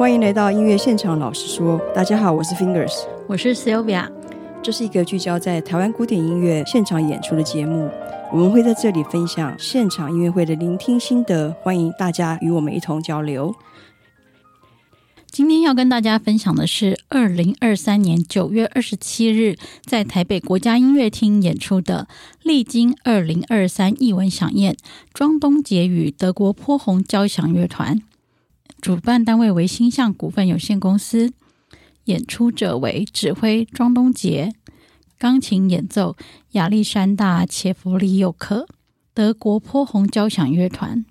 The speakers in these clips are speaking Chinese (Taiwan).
歡迎來到音樂現場老實說，大家好，我是 Fingers，我是 Sylvia。這是一個聚焦在台灣古典音樂現場演出的節目。我們會在這裡分享現場音樂會的聆聽心得，歡迎大家與我們一同交流。今天要跟大家分享的是二零二三年九月二十七日，在台北國家音樂廳演出的《力晶二零二三》，藝文饗宴莊東杰與德國波鴻交響樂團。主辦單位為新象股份有限公司，演出者為指揮莊東杰，鋼琴演奏亞歷山大切弗里尤克，德國波鴻交響樂團。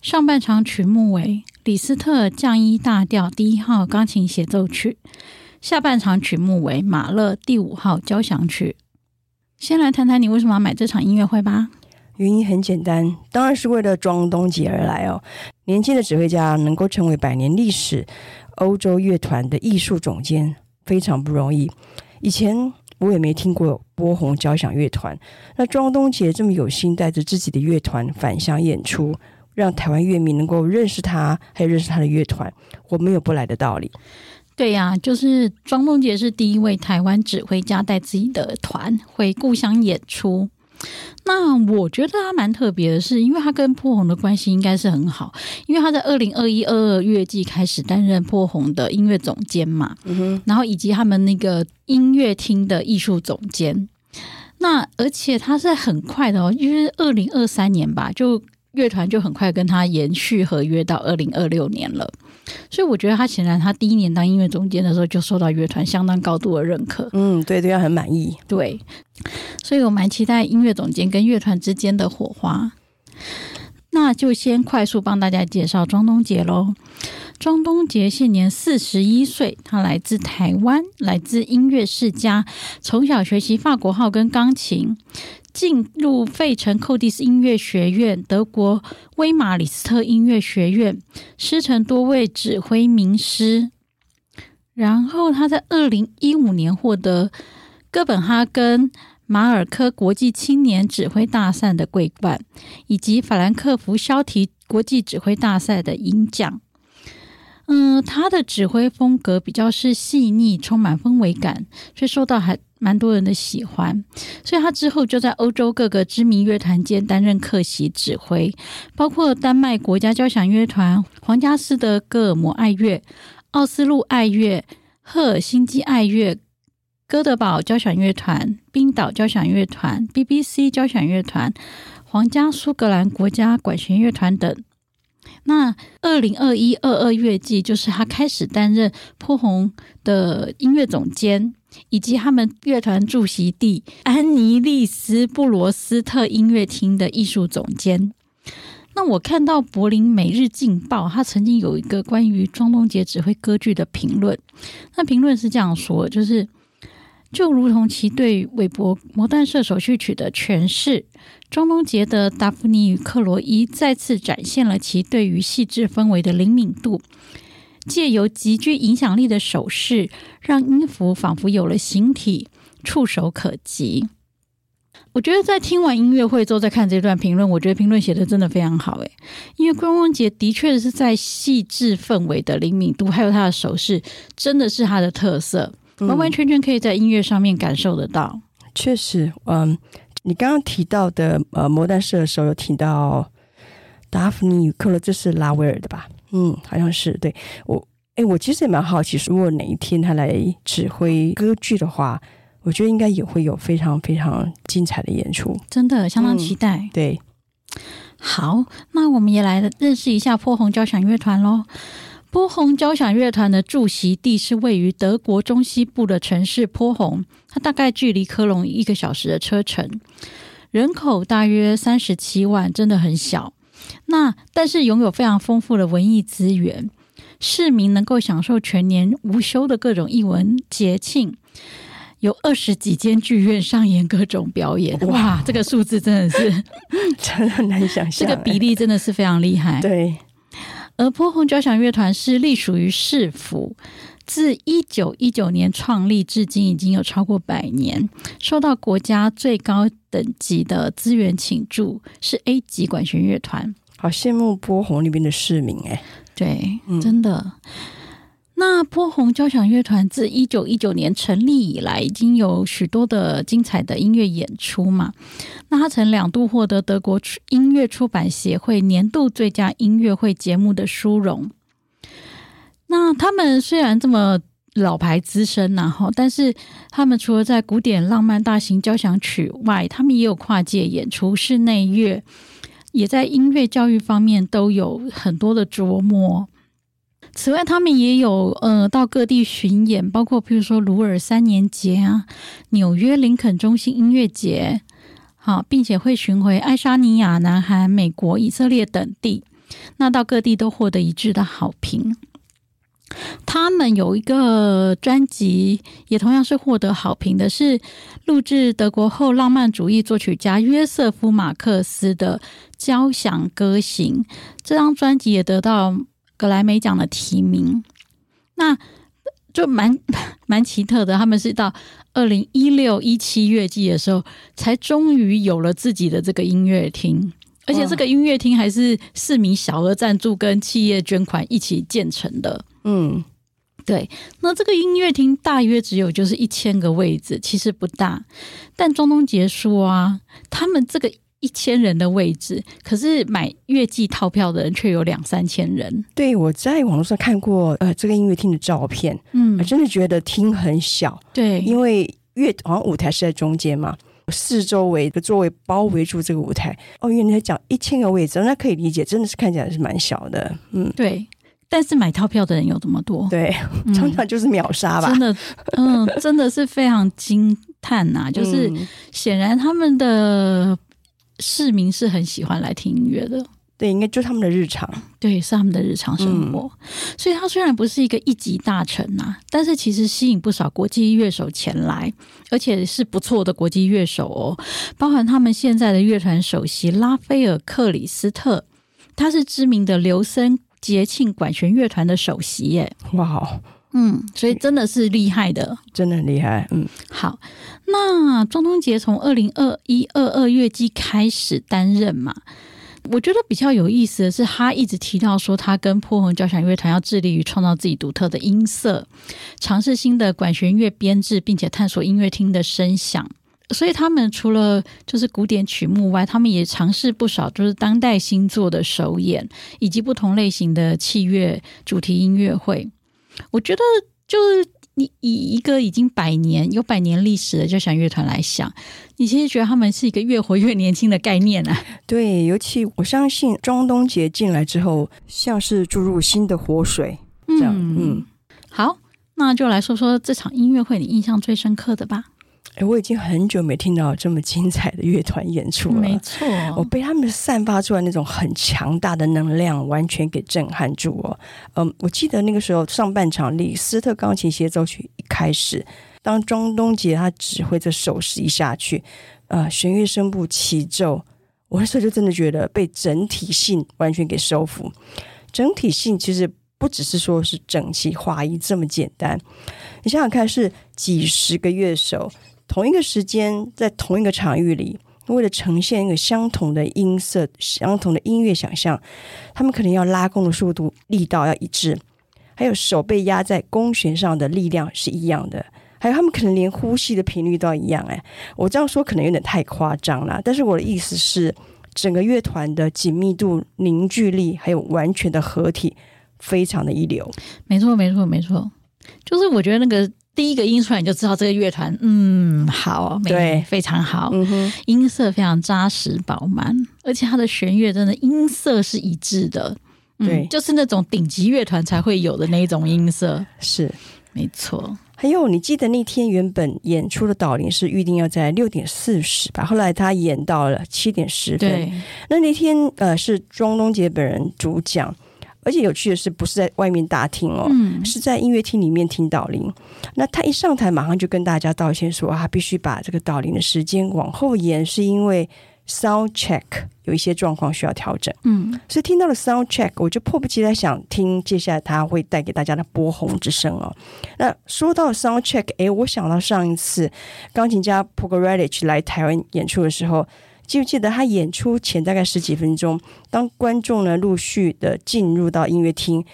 上半場曲目為李斯特降 E 大調第一號鋼琴協奏曲，下半場曲目為馬勒第五號交響曲。先來談談你為什麼要買這場音樂會吧。原因很簡單，當然是為了莊東杰而來哦。年輕的指揮家能夠成為百年歷史歐洲樂團的藝術總監，非常不容易。以前我也沒聽過波鴻交響樂團，那莊東杰這麼有心，帶着自己的樂團返鄉演出，讓台灣樂迷能夠認識他，還有認識他的樂團，我沒有不來的道理。對呀、啊，就是莊東杰是第一位台灣指揮家帶自己的團回故鄉演出。那我覺得他蠻特別的是，是因為他跟波鴻的關係應該是很好，因為他在二零二一二二樂季開始擔任波鴻的音樂總監嘛，嗯哼，然後以及他們那個音樂廳的藝術總監。那而且他是很快的哦，就是二零二三年吧，就樂團就很快跟他延續合約到二零二六年了。所以我覺得他顯然，他第一年當音樂總監的時候就受到樂團相當高度的認可。嗯，對，對，對他很滿意。對，所以我蠻期待音樂總監跟樂團之間的火花。那就先快速幫大家介紹莊東杰嘍。莊東杰現年四十一歲，他來自台灣，來自音樂世家，從小學習法國號跟鋼琴。進入費城寇蒂斯音樂學院、德國威馬李斯特音樂學院，師承多位指揮名師。然後他在二零一五年獲得哥本哈根馬爾科國際青年指揮大賽的桂冠，以及法蘭克福蕭提國際指揮大賽的銀獎。嗯，他的指揮風格比較是細膩，充滿氛圍感，所以受到還。蠻多人的喜歡，所以他之後就在歐洲各個知名樂團間擔任客席指揮，包括丹麥國家交響樂團、皇家斯德哥爾摩愛樂、奧斯陸愛樂、赫爾辛基愛樂、哥德堡交響樂團、冰島交響樂團、BBC 交響樂團、皇家蘇格蘭國家管弦樂團等。那二零二一二二樂季，就是他開始擔任波鴻的音樂總監。以及他們樂團駐席地安妮利斯布羅斯特音樂廳的藝術總監。那我看到《柏林每日鏡報》，他曾經有一個關於莊東杰指揮歌劇的評論。那評論是這樣說，就是就如同其對韋伯《魔彈射手》序曲的詮釋，莊東杰的《達芙妮與克羅伊》再次展現了其對於細緻氛圍的靈敏度。借由極具影響力的手勢，讓音符仿佛有了形體，觸手可及。我覺得在聽完音樂會之後再看這段評論，我覺得評論寫的真的非常好。哎，因為莊東杰的確是在細致氛圍的靈敏度，還有他的手勢，真的是他的特色，完完全全可以在音樂上面感受得到。嗯、確實，嗯，你剛剛提到的呃，摩登社的時候有提到達弗尼《達芙妮與克羅茲》，是拉威爾的吧？嗯，好像是，對。我，哎、欸，我其實也蠻好奇，如果哪一天他來指揮歌劇的話，我覺得應該也會有非常非常精彩的演出，真的相當期待、嗯。對，好，那我們也來認識一下波鴻交響樂團嘍。波鴻交響樂團的駐席地是位於德國中西部的城市波鴻，它大概距離科隆一個小時的車程，人口大約三十七萬，真的很小。那但是擁有非常豐富的文藝資源，市民能夠享受全年無休的各種藝文節慶，有二十幾間劇院上演各種表演。哇，哇，這個數字真的是 真的很難想象，這個比例真的是非常厲害。對，而波鴻交響樂團是隸屬於市府。自一九一九年創立至今，已經有超過百年，受到國家最高等級的資源傾注，是 A 級管弦樂團。好羨慕波鴻那邊的市民哎，對、嗯，真的。那波鴻交響樂團自一九一九年成立以來，已經有許多的精彩的音樂演出嘛。那他曾兩度獲得德國音樂出版協會年度最佳音樂會節目的殊榮。那他們雖然這麼老牌資深、啊，然後但是他們除了在古典浪漫大型交響曲外，他們也有跨界演出室內樂，也在音樂教育方面都有很多的琢磨。此外，他們也有呃到各地巡演，包括譬如說魯爾三年節啊、紐約林肯中心音樂節，好、啊，並且會巡回愛沙尼亞、南韓、美國、以色列等地。那到各地都獲得一致的好評。他們有一個專輯，也同樣是獲得好評的，是錄製德國後浪漫主義作曲家約瑟夫·馬克思的交響歌行。這張專輯也得到格萊美獎的提名。那就蠻蠻奇特的，他們是到二零一六一七樂季的時候，才終於有了自己的這個音樂廳。而且這個音樂廳還是市民小額贊助跟企業捐款一起建成的。嗯，對。那這個音樂廳大約只有就是一千個位置，其實不大。但莊東杰說啊，他們這個一千人的位置，可是買樂季套票的人卻有兩三千人。對，我在網絡上看過呃這個音樂廳的照片，嗯，我真的覺得廳很小。對，因為樂好像舞台是在中間嘛。四周圍的座位包圍住這個舞台哦，因為你在講一千個位置，那可以理解，真的是看起來是蠻小的，嗯，對。但是買套票的人有這麼多，對，常常就是秒殺吧，嗯、真的，嗯、呃，真的是非常驚嘆吶、啊。 就是顯然他們的市民是很喜歡來聽音樂的。對，應該就是他們的日常。對，是他們的日常生活。嗯、所以，他雖然不是一個一級大臣吶、啊，但是其實吸引不少國際樂手前來，而且是不錯的國際樂手哦。包含他們現在的樂團首席拉斐爾·克里斯特，他是知名的琉森節慶管弦樂團的首席耶。哇、哦，嗯，所以真的是厲害的，嗯、真的很厲害。嗯，好，那莊東杰從二零二一二二樂季開始擔任嘛。我覺得比較有意思的是，他一直提到說，他跟波鴻交響樂團要致力於創造自己獨特的音色，嘗試新的管弦樂編制，並且探索音樂廳的聲響。所以他們除了就是古典曲目外，他們也嘗試不少就是當代新作的首演，以及不同類型的器樂主題音樂會。我覺得就是。你以一個已經百年、有百年歷史的交響樂團來想，你其實覺得他們是一個越活越年輕的概念啊。對，尤其我相信莊東杰進來之後，像是注入新的活水。這樣，嗯，嗯，好，那就來說說這場音樂會你印象最深刻的吧。哎、欸，我已經很久沒聽到這麼精彩的樂團演出了。沒錯、哦，我被他們散發出來那種很強大的能量完全給震撼住。哦，嗯，我記得那個時候上半場李斯特鋼琴協奏曲一開始，當莊東杰他指揮着手勢一下去，呃，弦樂聲部起奏，我那時候就真的覺得被整體性完全給收服。整體性其實不只是說是整齊劃一這麼簡單。你想想看，是幾十個樂手。同一個時間，在同一個場域裡，為了呈現一個相同的音色、相同的音樂想象，他們可能要拉弓的速度、力道要一致，還有手被壓在弓弦上的力量是一樣的。還有，他們可能連呼吸的頻率都要一樣。哎，我這樣說可能有點太誇張了，但是我的意思是，整個樂團的緊密度、凝聚力，還有完全的合體，非常的一流。沒錯，沒錯，沒錯，就是我覺得那個。第一個音出來你就知道這個樂團，嗯，好美，對，非常好，嗯哼，音色非常扎實飽滿，而且它的弦樂真的音色是一致的，對，嗯、就是那種頂級樂團才會有的那種音色，是沒錯。還有，你記得那天原本演出的導聆是預定要在六點四十吧，後來他演到了七點十分。對，那那天呃是莊東杰本人主講。而且有趣的是，不是在外面大廳哦、嗯，是在音樂廳裡面聽導聆。那他一上台，馬上就跟大家道歉說啊，必須把這個導聆的時間往後延，是因為 sound check 有一些狀況需要調整。嗯，所以聽到了 sound check，我就迫不及待想聽接下來他會帶給大家的波鴻之聲哦。那說到 sound check，哎，我想到上一次鋼琴家 Pogorelich 來台灣演出的時候。記不記得他演出前大概十幾分鐘，當觀眾呢陸續的進入到音樂廳，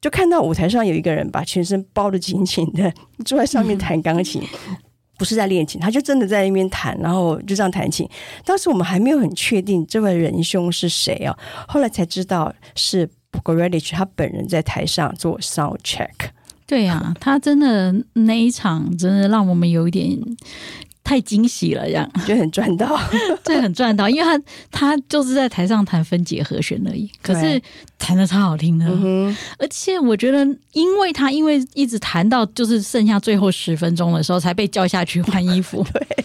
就看到舞台上有一個人把全身包得緊緊的，坐在上面彈鋼琴、嗯，不是在練琴，他就真的在那邊彈，然後就這樣彈琴。當時我們還沒有很確定這位仁兄是誰哦、啊，後來才知道是、Pogorelich、他本人在台上做 sound check。對呀、啊，他真的那一場真的讓我們有一點。太驚喜了，這樣覺得很賺到 這很賺到，因為他他就是在台上彈分解和弦而已，可是彈得超好聽的、嗯，而且我覺得，因為他因為一直彈到就是剩下最後十分鐘的時候，才被叫下去換衣服，對，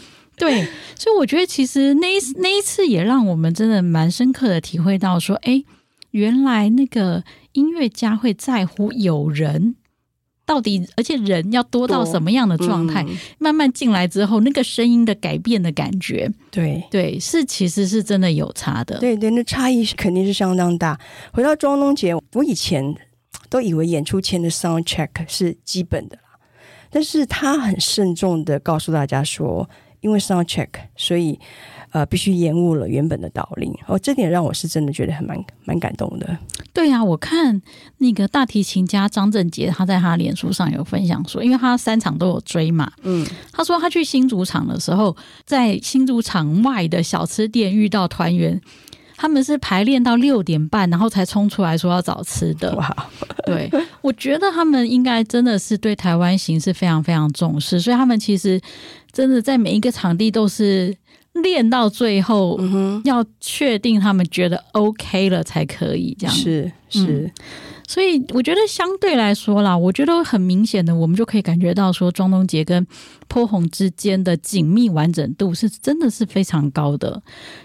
對所以我覺得其實那一那一次也讓我們真的蠻深刻的體會到說，說、欸、哎，原來那個音樂家會在乎有人。到底，而且人要多到什麼樣的狀態、嗯？慢慢進來之後，那個聲音的改變的感覺，對對，是其實是真的有差的。對對，那差異肯定是相當大。回到莊東杰，我以前都以為演出前的 sound check 是基本的，但是他很慎重的告訴大家說。因為上 check，所以，呃，必須延誤了原本的導聆。哦，這點讓我是真的覺得還蠻蠻感動的。對啊，我看那個大提琴家張正傑，他在他臉書上有分享說，因為他三場都有追嘛，嗯，他說他去新竹場的時候，在新竹場外的小吃店遇到團員。他們是排練到六點半，然後才衝出來說要找吃的。Wow. 對，我覺得他們應該真的是對台灣行是非常非常重視，所以他們其實真的在每一個場地都是。練到最後、嗯，要確定他們覺得 OK 了才可以這樣。是是、嗯，所以我覺得相對來說啦，我覺得很明顯的，我們就可以感覺到說，莊東杰跟波鴻之間的緊密完整度是真的是非常高的。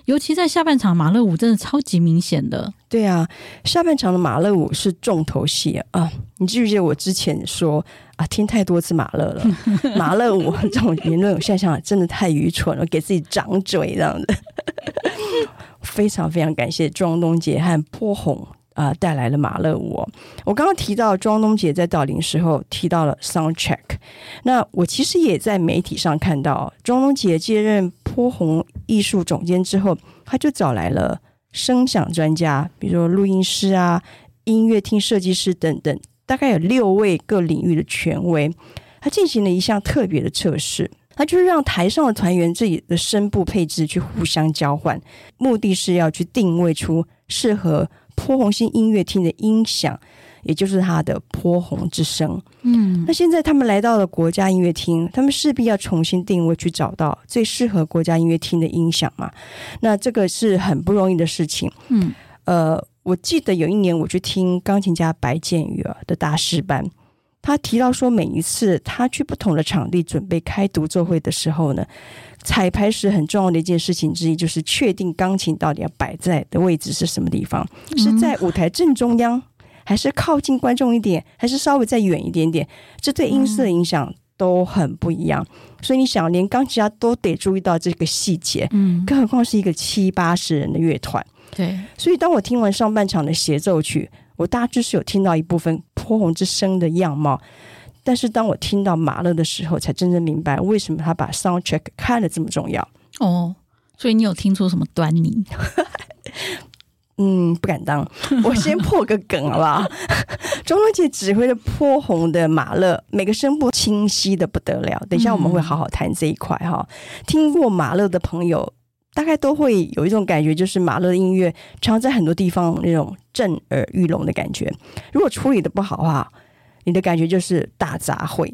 尤其在下半場馬勒五，真的超級明顯的。對啊，下半場的馬勒五是重頭戲啊！你記不記得我之前說？啊，聽太多次馬勒了，馬勒五這種言論，我現在想，真的太愚蠢了，給自己掌嘴這樣的。非常非常感謝莊東杰和波鴻啊帶來了馬勒五。我剛剛提到莊東杰在導聆時候提到了 soundtrack，那我其實也在媒體上看到，莊東杰接任波鴻藝術總監之後，他就找來了聲響專家，比如錄音師啊、音樂廳設計師等等。大概有六位各領域的權威，他進行了一項特別的測試，他就是讓台上的團員自己的聲部配置去互相交換，嗯，目的是要去定位出適合波鴻市音樂廳的音響，也就是它的波鴻之聲。嗯，那現在他們來到了國家音樂廳，他們勢必要重新定位，去找到最適合國家音樂廳的音響嘛？那這個是很不容易的事情。嗯，呃。我記得有一年我去聽鋼琴家白建宇的大師班，他提到說，每一次他去不同的場地準備開獨奏會的時候呢，彩排時很重要的一件事情之一就是確定鋼琴到底要擺在的位置是什麼地方，是在舞台正中央，還是靠近觀眾一點，還是稍微再遠一點點，這對音色的影響都很不一樣。所以你想，連鋼琴家都得注意到這個細節，嗯，更何況是一個七八十人的樂團。對，所以當我聽完上半場的協奏曲，我大致是有聽到一部分波鴻之聲的樣貌，但是當我聽到馬勒的時候，才真正明白為什麼他把 soundtrack 看得這麼重要。哦，所以你有聽出什麼端倪？ 嗯，不敢當，我先破個梗好不好？莊東杰指揮的波鴻的馬勒，每個聲部清晰的不得了。等一下我們會好好談這一塊哈、嗯。聽過馬勒的朋友，大概都會有一種感覺，就是馬勒音樂常在很多地方那種震耳欲聾的感覺。如果處理得不好的話，你的感覺就是大雜燴。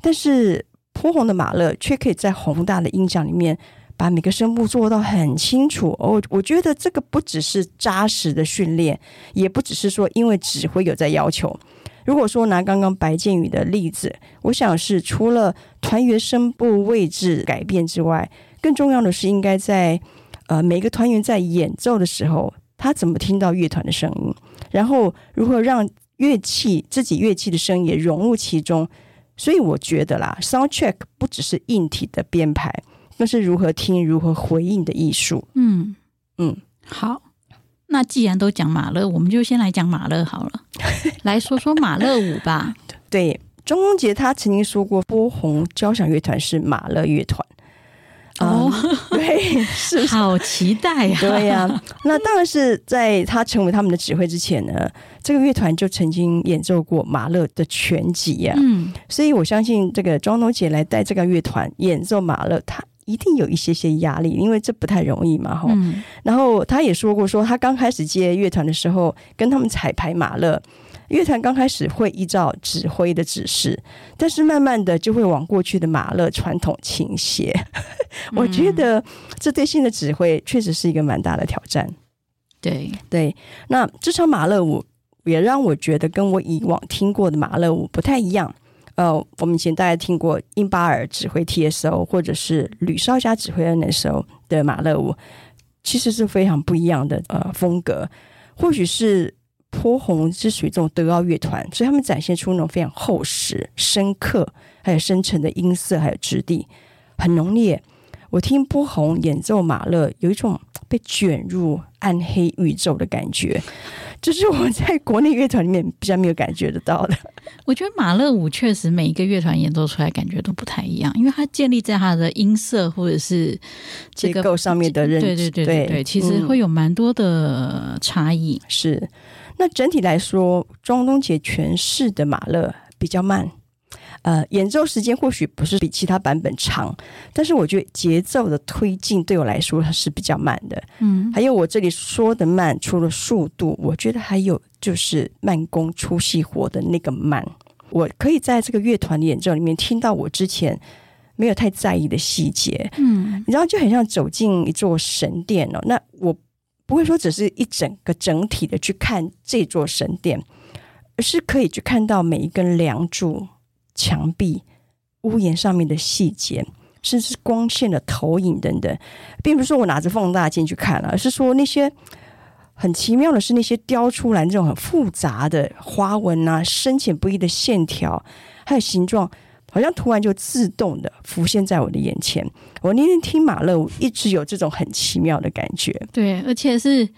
但是，波鴻的馬勒卻可以在宏大的音響裡面把每個聲部做到很清楚。哦，我覺得這個不只是紮實的訓練，也不只是說因為指揮有在要求。如果說拿剛剛白建宇的例子，我想是除了團員聲部位置改變之外。更重要的是應，應該在呃每個團員在演奏的時候，他怎麼聽到樂團的聲音，然後如何讓樂器自己樂器的聲音也融入其中。所以我覺得啦，sound check 不只是硬體的編排，那是如何聽、如何回應的藝術。嗯嗯，好，那既然都講馬勒，我們就先來講馬勒好了， 來說說馬勒五吧。 對，莊東杰他曾經說過，波鴻交響樂團是馬勒樂團。哦、啊，對， 是，不是好期待呀？啊！對呀、啊，那當然是在他成為他們的指揮之前呢， 這個樂團就曾經演奏過馬勒的全集呀。嗯，所以我相信這個莊東杰來帶這個樂團演奏馬勒，他一定有一些些壓力，因為這不太容易嘛。哈，嗯、然後他也說過，說他剛開始接樂團的時候，跟他們彩排馬勒。樂團剛開始會依照指揮的指示，但是慢慢的就會往過去的馬勒傳統傾斜。 我覺得這對新的指揮確實是一個蠻大的挑戰。嗯、對對，那這場馬勒五也讓我覺得跟我以往聽過的馬勒五不太一樣。呃，我們以前大家聽過殷巴爾指揮 TSO 或者是呂紹嘉指揮 NSO 的馬勒五，其實是非常不一樣的呃風格，或許是。波鴻是屬於這種德奧樂團，所以他們展現出那種非常厚實、深刻，還有深沉的音色，還有質地很濃烈。我聽波鴻演奏馬勒，有一種被捲入暗黑宇宙的感覺，這、就是我在國內樂團裡面比較沒有感覺得到的。我覺得馬勒五確實每一個樂團演奏出來感覺都不太一樣，因為它建立在它的音色或者是、這個、結構上面的認識，對對對對對，對、嗯，其實會有蠻多的差異是。那整體來說，莊東杰詮釋的馬勒比較慢，呃，演奏時間或許不是比其他版本長，但是我覺得節奏的推進對我來說它是比較慢的。嗯，還有我這裡說的慢，除了速度，我覺得還有就是慢工出細活的那個慢。我可以在這個樂團的演奏裡面聽到我之前沒有太在意的細節。嗯，你知道，就很像走進一座神殿哦。那我。不會說只是一整個整體的去看這座神殿，而是可以去看到每一根樑柱、牆壁、屋檐上面的細節，甚至光線的投影等等。並不是說我拿着放大鏡去看了啊，而是說那些很奇妙的是那些雕出來那種很複雜的花紋啊、深淺不一的線條，還有形狀。好像突然就自動的浮現在我的眼前。我那天聽馬勒，一直有這種很奇妙的感覺。對，而且是，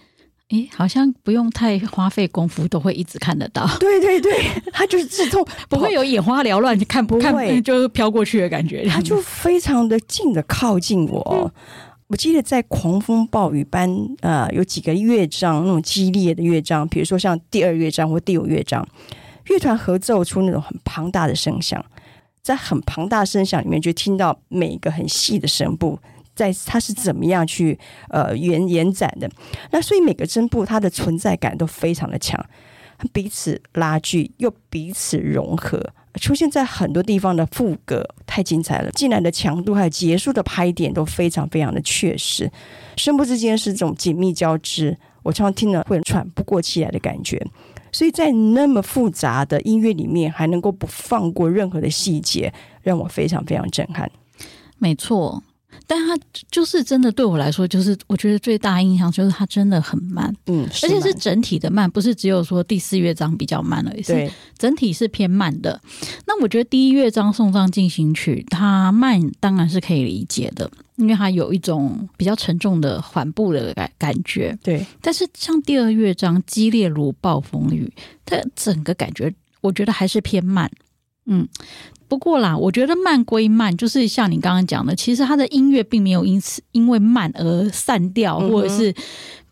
誒，好像不用太花費功夫，都會一直看得到。對對對，他就是自動， 不會有眼花繚亂，不看不，不看就飄過去的感覺。他就非常的近的靠近我。嗯，我記得在狂風暴雨般，呃，有幾個樂章那種激烈的樂章，比如說像第二樂章或第五樂章，樂團合奏出那種很龐大的聲響。在很龐大的聲響裡面，就聽到每一個很細的聲部，在它是怎麼樣去呃延延展的。那所以每個聲部它的存在感都非常的強，彼此拉鋸又彼此融合，出現在很多地方的賦格太精彩了。進來的強度還有結束的拍點都非常非常的確實，聲部之間是這種緊密交織。我常常聽了會喘不過氣來的感覺。所以在那麼複雜的音樂裡面，還能夠不放過任何的細節，讓我非常非常震撼。沒錯。但它就是真的對我來說，就是我覺得最大印象就是它真的很慢，嗯，是慢，而且是整體的慢，不是只有說第四樂章比較慢而已，對，是整體是偏慢的。那我覺得第一樂章送葬進行曲它慢當然是可以理解的，因為它有一種比較沉重的緩步的感感覺，對。但是像第二樂章激烈如暴風雨，它整個感覺我覺得還是偏慢。嗯，不過啦，我覺得慢歸慢，就是像你剛剛講的，其實他的音樂並沒有因此因為慢而散掉，嗯，或者是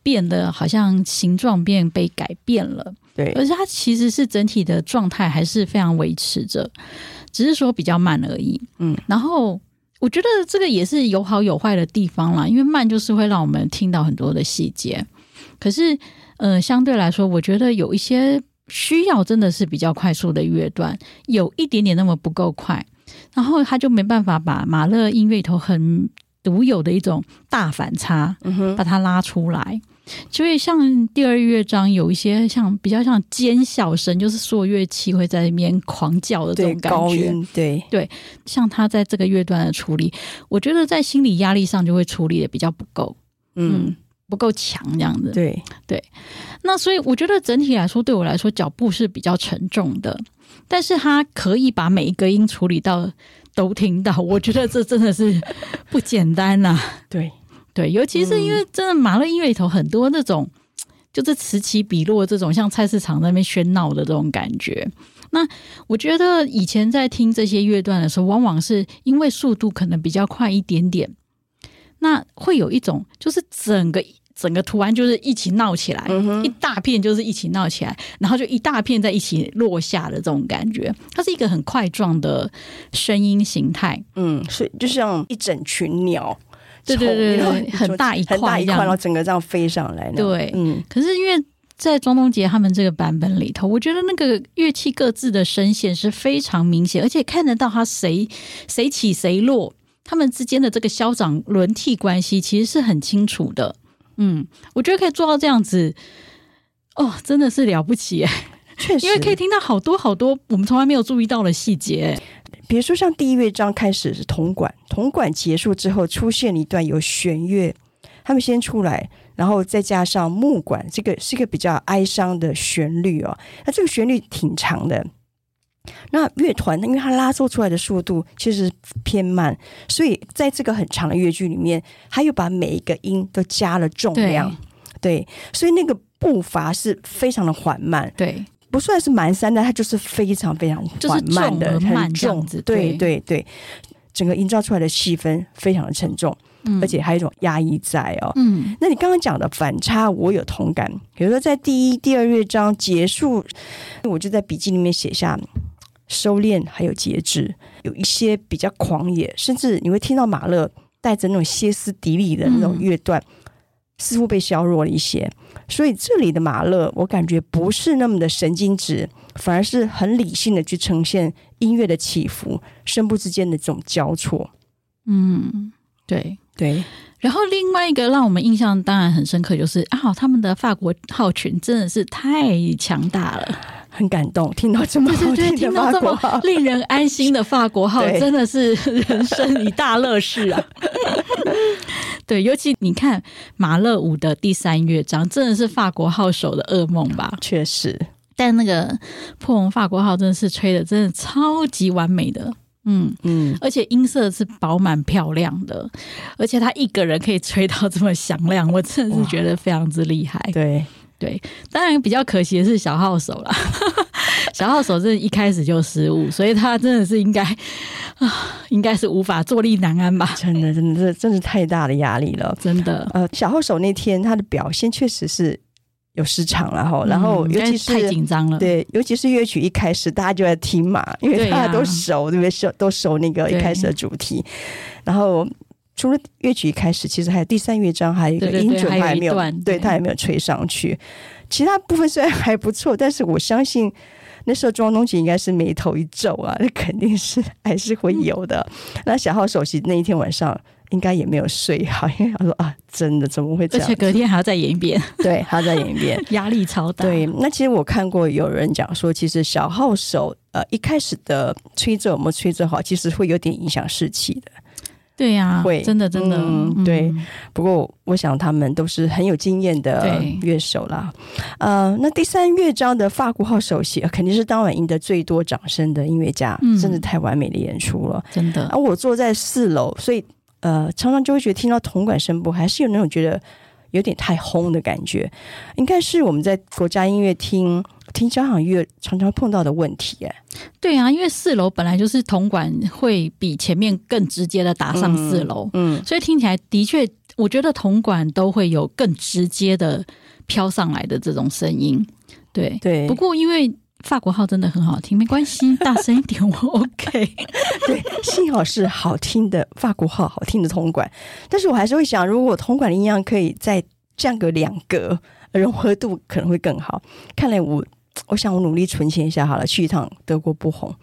變得好像形狀變被改變了。對，而且他其實是整體的狀態還是非常維持着，只是說比較慢而已。嗯，然後我覺得這個也是有好有壞的地方啦，因為慢就是會讓我們聽到很多的細節，可是呃，相對來說，我覺得有一些。需要真的是比較快速的樂段，有一點點那麼不夠快，然後他就沒辦法把馬勒音樂裡頭很獨有的一種大反差，嗯、把它拉出來。所以像第二樂章有一些像比較像尖笑聲，就是說樂器會在裡面狂叫的這種感覺，對對，對，像他在這個樂段的處理，我覺得在心理壓力上就會處理的比較不夠，嗯。不夠強這樣子，對對，那所以我覺得整體來說，對我來說腳步是比較沉重的，但是它可以把每一個音處理到都聽到，我覺得這真的是不簡單吶、啊。 對對，尤其是因為真的，馬勒音樂裡頭很多那種、嗯，就是此起彼落這種，像菜市場那邊喧鬧的這種感覺。那我覺得以前在聽這些樂段的時候，往往是因為速度可能比較快一點點，那會有一種就是整個。整個圖案就是一起鬧起來、嗯，一大片就是一起鬧起來，然後就一大片在一起落下的這種感覺，它是一個很塊狀的聲音形態。嗯，是就像一整群鳥，對鳥對對，對，對，很大一塊，很大一塊，然後整個這樣飛上來的。對，嗯。可是因為在莊東杰他們這個版本裡頭，我覺得那個樂器各自的聲線是非常明顯，而且看得到他誰誰起誰落，他們之間的這個消長輪替關係其實是很清楚的。嗯，我覺得可以做到這樣子，哦，真的是了不起哎！確實，因為可以聽到好多好多我們從來沒有注意到的細節，比如說像第一樂章開始是銅管，銅管結束之後出現一段有弦樂，他們先出來，然後再加上木管，這個是一個比較哀傷的旋律哦。那這個旋律挺長的。那樂團，因為它拉奏出來的速度其實偏慢，所以在這個很長的樂句裡面，他又把每一個音都加了重量，對，對所以那個步伐是非常的緩慢，對，不算是蹣跚的，它就是非常非常緩慢的，就是重而慢這樣子，很重對對對，對整個營造出來的氣氛非常的沉重，而且還有一種壓抑在哦，嗯，那你剛剛講的反差，我有同感，比如說在第一、第二樂章結束，我就在筆記裡面寫下。收斂還有節制，有一些比較狂野，甚至你會聽到馬勒帶着那種歇斯底里的那種樂段、嗯，似乎被削弱了一些。所以這裡的馬勒，我感覺不是那麼的神經質，反而是很理性的去呈現音樂的起伏、聲部之間的這種交錯。嗯，對對。然後另外一個讓我們印象當然很深刻，就是啊、哦，他們的法國號群真的是太強大了。很感動，聽到這麼好聽的法國號， 對對對，聽到這麼令人安心的法國號， 真的是人生一大樂事啊！ 對，尤其你看馬勒五的第三樂章，真的是法國號手的噩夢吧？確實，但那個波鴻法國號真的是吹得，真的超級完美的，嗯嗯，而且音色是飽滿漂亮的，而且他一個人可以吹到這麼響亮，我真的是覺得非常之厲害。對。對，當然比較可惜的是小號手啦， 小號手是一開始就失誤，所以他真的是應該啊，應該是無法坐立難安吧？真的，真的是，真是太大的壓力了，真的。呃，小號手那天他的表現確實是有失常啦吼，然、嗯、後，然後尤其是太緊張了，對，尤其是樂曲一開始大家就在聽嘛，因為大家都熟，對不對？都熟那個一開始的主題，然後。除了樂曲一開始，其實還有第三樂章，還有一個音準，對對對還沒有，有對，對他還沒有吹上去。其他部分雖然還不錯，但是我相信那時候莊東杰應該是眉頭一皺啊，那肯定是還是會有的。嗯、那小號首席那一天晚上應該也沒有睡好，因為他說啊，真的怎麼會這樣？而且隔天還要再演一遍，對，還要再演一遍， 壓力超大。對，那其實我看過有人講說，其實小號手呃一開始的吹奏有沒有吹奏好，其實會有點影響士氣的。對呀、啊，會真的真的、嗯、對、嗯。不過我想他們都是很有經驗的樂手啦。呃，那第三樂章的法國號首席、呃、肯定是當晚贏得最多掌聲的音樂家、嗯，真的太完美的演出了。真的。而我坐在四樓，所以呃，常常就會覺得聽到銅管聲部還是有那種覺得有點太轟的感覺。應該是我們在國家音樂廳。聽交響樂常常碰到的問題耶，對啊，因為四樓本來就是銅管，會比前面更直接的打上四樓，嗯，嗯，所以聽起來的確，我覺得銅管都會有更直接的飄上來的這種聲音，對對。不過因為法國號真的很好聽，沒關係，大聲一點我 OK。 對，幸好是好聽的法國號，好聽的銅管，但是我還是會想，如果銅管的音量可以再降個兩格，融合度可能會更好。看來我。我想，我努力存錢一下好了，去一趟德國不紅。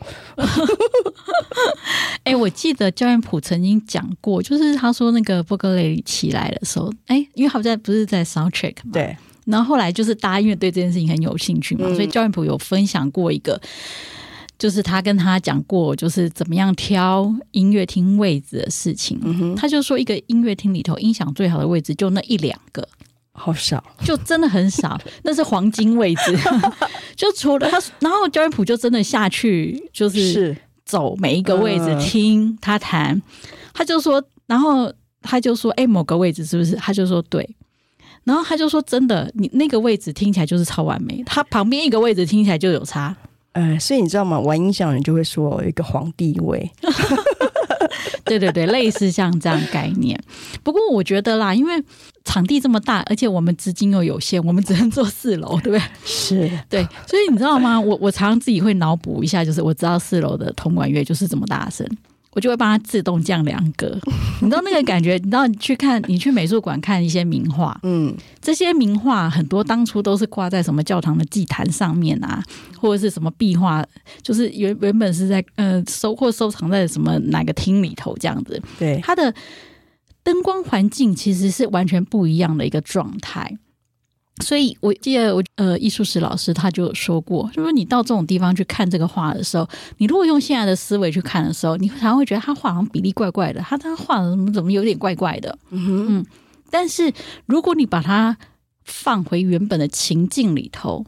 哎、 欸，我記得教練普曾經講過，就是他說那個布格雷起來的時候，哎、欸，因為好像不是在 soundcheck 嘛，對。然後後來就是大家因為對這件事情很有興趣嘛，嗯、所以教練普有分享過一個，就是他跟他講過，就是怎麼樣挑音樂廳位置的事情。嗯、他就說，一個音樂廳裡頭，音響最好的位置就那一兩個。好少，就真的很少。那是黃金位置， 就除了他，然後焦元溥就真的下去，就是走每一個位置聽他彈、嗯，他就說，然後他就說，哎、欸，某個位置是不是？他就說對，然後他就說，真的，你那個位置聽起來就是超完美，他旁邊一個位置聽起來就有差。嗯、呃，所以你知道嗎？玩音響的人就會說一個皇帝位， 對對對，類似像這樣概念。不過我覺得啦，因為。場地這麼大，而且我們資金又有限，我們只能坐四樓，對不對？是對，所以你知道嗎？我我常常自己會腦補一下，就是我知道四樓的銅管樂就是這麼大聲，我就會幫他自動降兩格。 你知道那個感覺？你知道你去看，你去美術館看一些名畫，嗯，這些名畫很多當初都是掛在什麼教堂的祭壇上面啊，或者是什麼壁畫，就是原原本是在呃，收或收藏在什麼哪個廳裡頭這樣子。對，他的。燈光環境其實是完全不一樣的一個狀態，所以我記得我呃藝術史老師他就有說過，就是說你到這種地方去看這個畫的時候，你如果用現在的思維去看的時候，你常常會覺得他畫好像比例怪怪的，他他畫的怎麼怎麼有點怪怪的。Mm -hmm. 嗯，但是如果你把它放回原本的情境裡頭，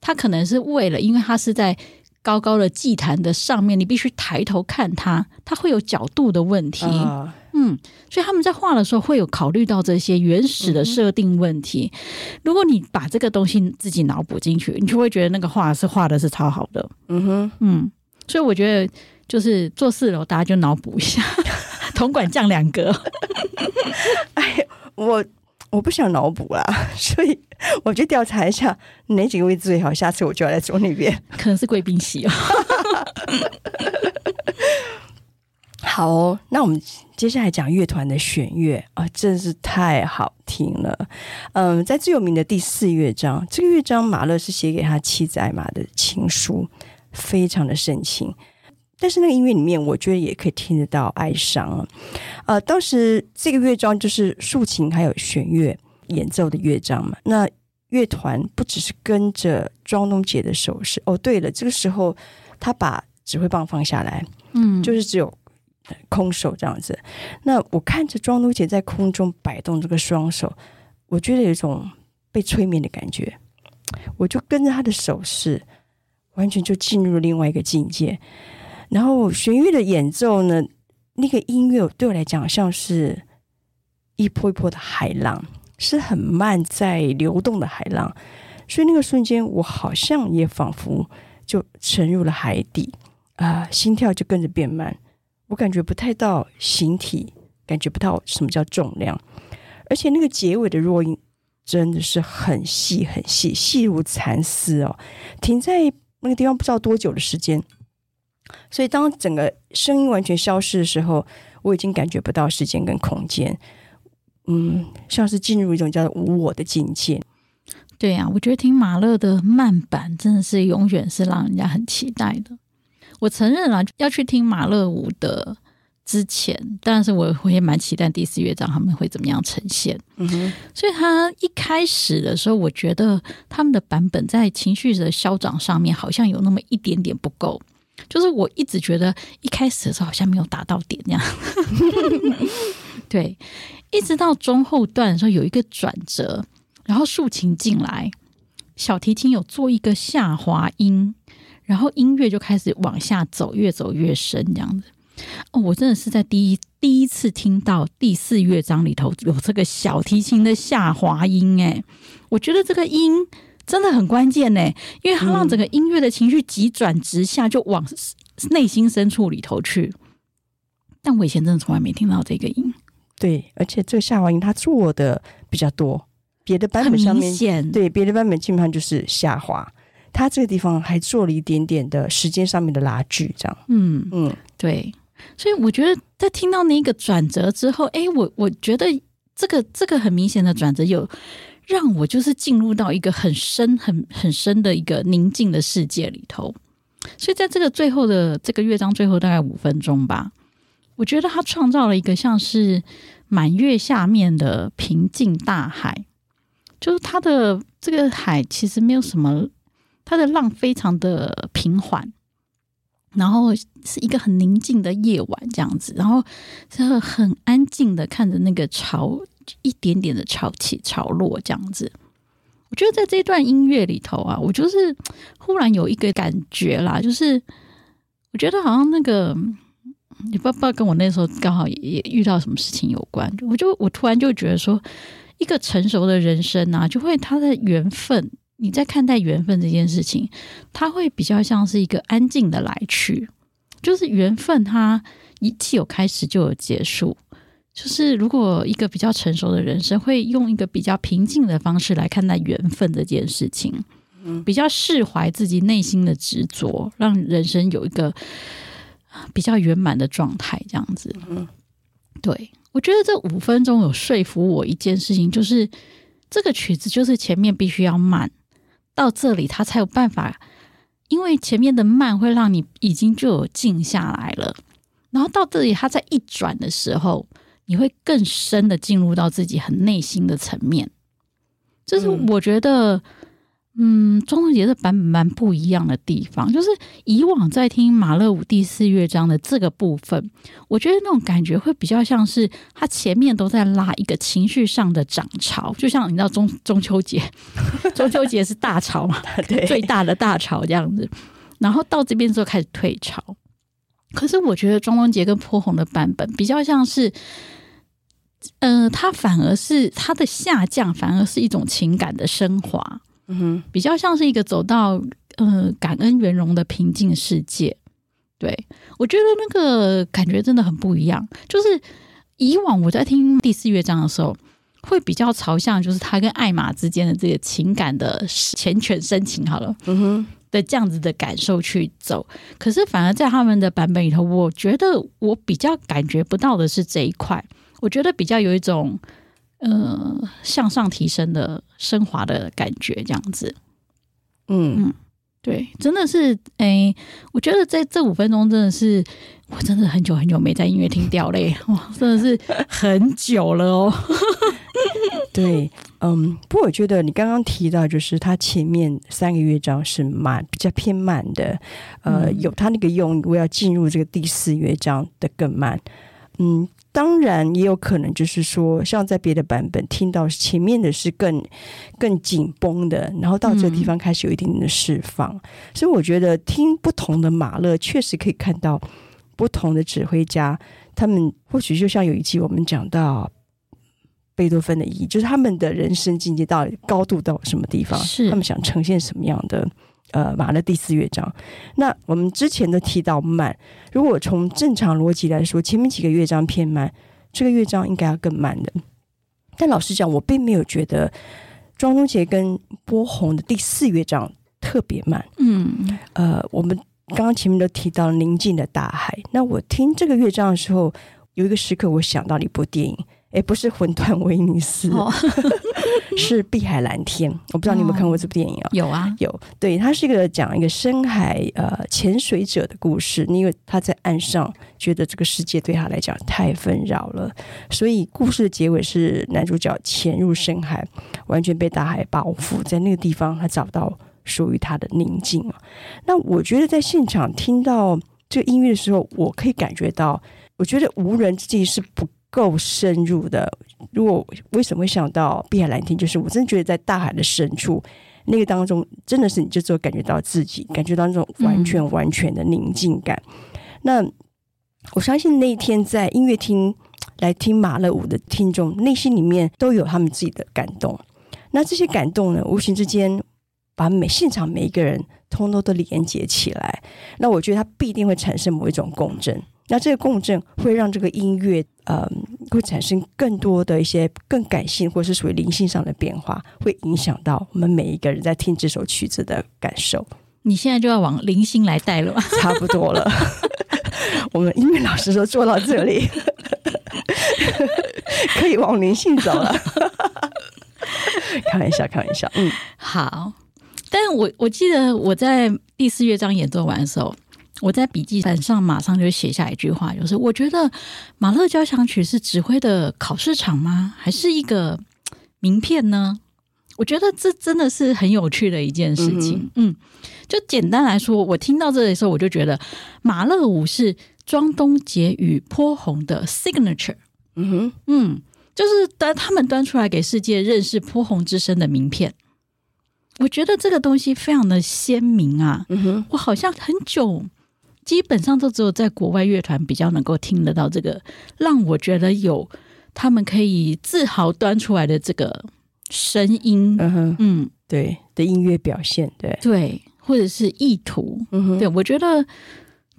他可能是為了，因為他是在高高的祭壇的上面，你必須抬頭看他，他會有角度的問題。Uh -huh. 嗯，所以他們在畫的時候會有考慮到這些原始的設定問題，嗯。如果你把這個東西自己腦補進去，你就會覺得那個畫是畫的是超好的。嗯哼，嗯，所以我覺得就是坐四樓，大家就腦補一下， 銅管降兩格。 哎，我我不想腦補啦，啊，所以我去調查一下哪幾個位置最好，下次我就要來坐那邊，可能是貴賓席 好、哦，那我們接下來講樂團的弦樂啊、呃，真是太好聽了。嗯、呃，在最有名的第四樂章，這個樂章馬勒是寫給他妻子艾瑪的情書，非常的深情。但是那個音樂裡面，我覺得也可以聽得到哀傷啊。呃，當時這個樂章就是豎琴還有弦樂演奏的樂章嘛。那樂團不只是跟着莊東杰的手勢，哦，對了，這個時候他把指揮棒放下來，嗯，就是只有。空手這樣子，那我看着莊東杰在空中擺動這個雙手，我覺得有一種被催眠的感覺，我就跟着她的手勢，完全就進入另外一個境界。然後弦樂的演奏呢，那個音樂對我來講，像是一波一波的海浪，是很慢在流動的海浪，所以那個瞬間，我好像也仿佛就沉入了海底啊、呃，心跳就跟着變慢。我感覺不太到形體，感覺不到什麼叫重量，而且那個結尾的弱音真的是很細很細，細如蠶絲哦，停在那個地方不知道多久的時間。所以當整個聲音完全消失的時候，我已經感覺不到時間跟空間，嗯，像是進入一種叫做無我的境界。對啊，我覺得聽馬勒的慢板真的是永遠是讓人家很期待的。我承認了要去聽馬勒五的之前，但是我我也蠻期待第四樂章他們會怎麼樣呈現。嗯，所以他一開始的時候，我覺得他們的版本在情緒的消長上面好像有那麼一點點不夠，就是我一直覺得一開始的時候好像沒有達到點樣。 對，一直到中後段的時候有一個轉折，然後豎琴進來，小提琴有做一個下滑音。然後音樂就開始往下走，越走越深，這樣子。哦，我真的是在第一第一次聽到第四樂章裡頭有這個小提琴的下滑音，哎，我覺得這個音真的很關鍵呢，因為它讓整個音樂的情緒急轉直下，就往內心深處裡頭去。但我以前真的從來沒聽到這個音，對，而且這個下滑音它做的比較多，別的版本上面，對，別的版本基本上就是下滑。他這個地方還做了一點點的時間上面的拉鋸，這樣。嗯嗯，對。所以我覺得在聽到那個轉折之後，哎、欸，我我覺得這個這個很明顯的轉折，有讓我就是進入到一個很深、很很深的一個寧靜的世界裡頭。所以在這個最後的這個樂章最後大概五分鐘吧，我覺得他創造了一個像是滿月下面的平靜大海，就是他的這個海其實沒有什麼。它的浪非常的平緩，然後是一個很寧靜的夜晚這樣子，然後是很安靜的看着那個潮一點點的潮起潮落這樣子。我覺得在這段音樂裡頭啊，我就是忽然有一個感覺啦，就是我覺得好像那個，也不不知道跟我那時候剛好也遇到什麼事情有關。我就我突然就覺得說，一個成熟的人生啊，就會他的緣分。你在看待緣分這件事情，它會比較像是一個安靜的來去，就是緣分它，它一既有開始就有結束。就是如果一個比較成熟的人生，會用一個比較平靜的方式來看待緣分這件事情，比較釋懷自己內心的執着，讓人生有一個比較圓滿的狀態，這樣子。嗯，對，我覺得這五分鐘有說服我一件事情，就是這個曲子就是前面必須要慢。到這裡，他才有辦法，因為前面的慢會讓你已經就有靜下來了，然後到這裡，他在一轉的時候，你會更深的進入到自己很內心的層面，這、就是我覺得。嗯嗯，莊東杰的版本蠻不一樣的地方，就是以往在聽馬勒五第四樂章的這個部分，我覺得那種感覺會比較像是他前面都在拉一個情緒上的漲潮，就像你知道中中秋節，中秋節是大潮嘛， 對，最大的大潮這樣子，然後到這邊之後開始退潮。可是我覺得莊東杰跟波鴻的版本比較像是，呃，他反而是他的下降反而是一種情感的升華。比較像是一個走到呃感恩圓融的平靜世界，對。我覺得那個感覺真的很不一樣。就是以往我在聽第四樂章的時候，會比較朝向就是他跟艾瑪之間的這個情感的繾綣深情好了，嗯哼的這樣子的感受去走。可是反而在他們的版本裡頭，我覺得我比較感覺不到的是這一塊，我覺得比較有一種。呃，向上提升的升華的感覺，這樣子，嗯，嗯，對，真的是，哎、欸，我覺得在這五分鐘真的是，我真的很久很久沒在音樂廳掉淚、欸，哇，真的是很久了哦。 對，嗯，不過我覺得你剛剛提到，就是它前面三個樂章是慢，比較偏慢的，呃，嗯、有它那個用，我要進入這個第四樂章的更慢，嗯。當然也有可能，就是說，像在別的版本聽到前面的是更更緊繃的，然後到這個地方開始有一點點的釋放。嗯。所以我覺得聽不同的馬勒，確實可以看到不同的指揮家，他們或許就像有一集我們講到貝多芬的意義，就是他們的人生境界到底高度到什麼地方，是他們想呈現什麼樣的。呃，馬的第四樂章。那我們之前都提到慢，如果從正常邏輯來說，前面幾個樂章偏慢，這個樂章應該要更慢的。但老實講，我並沒有覺得莊東杰跟波鴻的第四樂章特別慢。嗯，呃，我們剛剛前面都提到寧靜的大海。那我聽這個樂章的時候，有一個時刻，我想到了一部電影。誒、欸，不是《魂斷威尼斯》，oh. 是《碧海藍天》。我不知道你有沒有看過這部電影啊？Oh, 有啊，有。對，它是一個講一個深海呃潛水者的故事。因為他在岸上覺得這個世界對他來講太紛擾了，所以故事的結尾是男主角潛入深海，完全被大海包覆，在那個地方他找到屬於他的寧靜。啊、那我覺得在現場聽到這個音樂的時候，我可以感覺到，我覺得無人機是不。夠深入的，如果為什麼會想到《碧海藍天》？就是我真的覺得在大海的深處，那個當中真的是你就只有感覺到自己感覺到那種完全完全的寧靜感。嗯、那我相信那一天在音樂廳來聽馬勒五的聽眾，內心裡面都有他們自己的感動。那這些感動呢，無形之間把每現場每一個人通通都，都連接起來。那我覺得它必定會產生某一種共振。那這個共振會讓這個音樂，嗯、呃，會產生更多的一些更感性，或是屬於靈性上的變化，會影響到我們每一個人在聽這首曲子的感受。你現在就要往靈性來帶了，差不多了。 我們音樂老師說做到這裡， 可以往靈性走了。開玩笑看一下，開玩笑。嗯，好。但我我記得我在第四樂章演奏完的時候。我在筆記本上馬上就寫下一句話，就是我覺得馬勒交響曲是指揮的考試場嗎？還是一個名片呢？我覺得這真的是很有趣的一件事情。嗯,嗯，就簡單來說，我聽到這裡的時候，我就覺得馬勒五是莊東杰與波鴻的 signature。嗯哼，嗯，就是端他們端出來給世界認識波鴻之聲的名片。我覺得這個東西非常的鮮明啊。嗯哼，我好像很久。基本上都只有在國外樂團比較能夠聽得到這個，讓我覺得有他們可以自豪端出來的這個聲音，嗯哼，嗯，對，的音樂表現，對，對，或者是意圖，嗯、uh-huh. 對，我覺得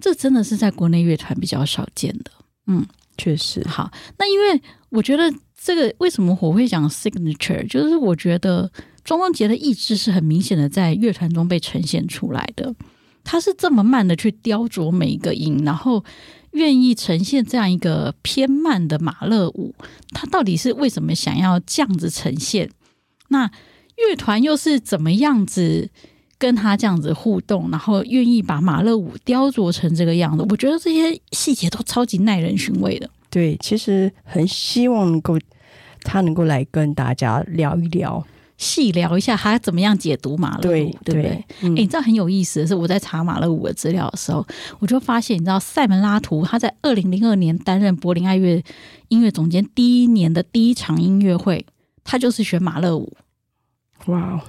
這真的是在國內樂團比較少見的，嗯，確實。好，那因為我覺得這個為什麼我會講 signature，就是我覺得莊東杰的意志是很明顯的在樂團中被呈現出來的。他是這麼慢的去雕琢每一個音，然後願意呈現這樣一個偏慢的馬勒五，他到底是為什麼想要這樣子呈現？那樂團又是怎麼樣子跟他這樣子互動，然後願意把馬勒五雕琢成這個樣子？我覺得這些細節都超級耐人尋味的。對，其實很希望能夠他能夠來跟大家聊一聊。細聊一下，他怎麼樣解讀馬勒五，對對？對對。嗯欸、你知道很有意思的是，我在查馬勒五的資料的時候，我就發現，你知道，塞門拉圖他在二零零二年擔任柏林愛樂音樂總監第一年的第一場音樂會，他就是選馬勒五。哇！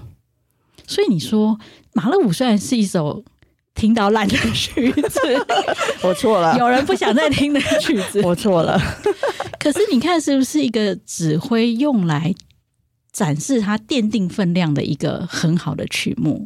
所以你說馬勒五雖然是一首聽到爛的曲子， 我錯了， 有人不想再聽的曲子， 我錯了。 可是你看，是不是一個指揮用來？展示它奠定分量的一個很好的曲目，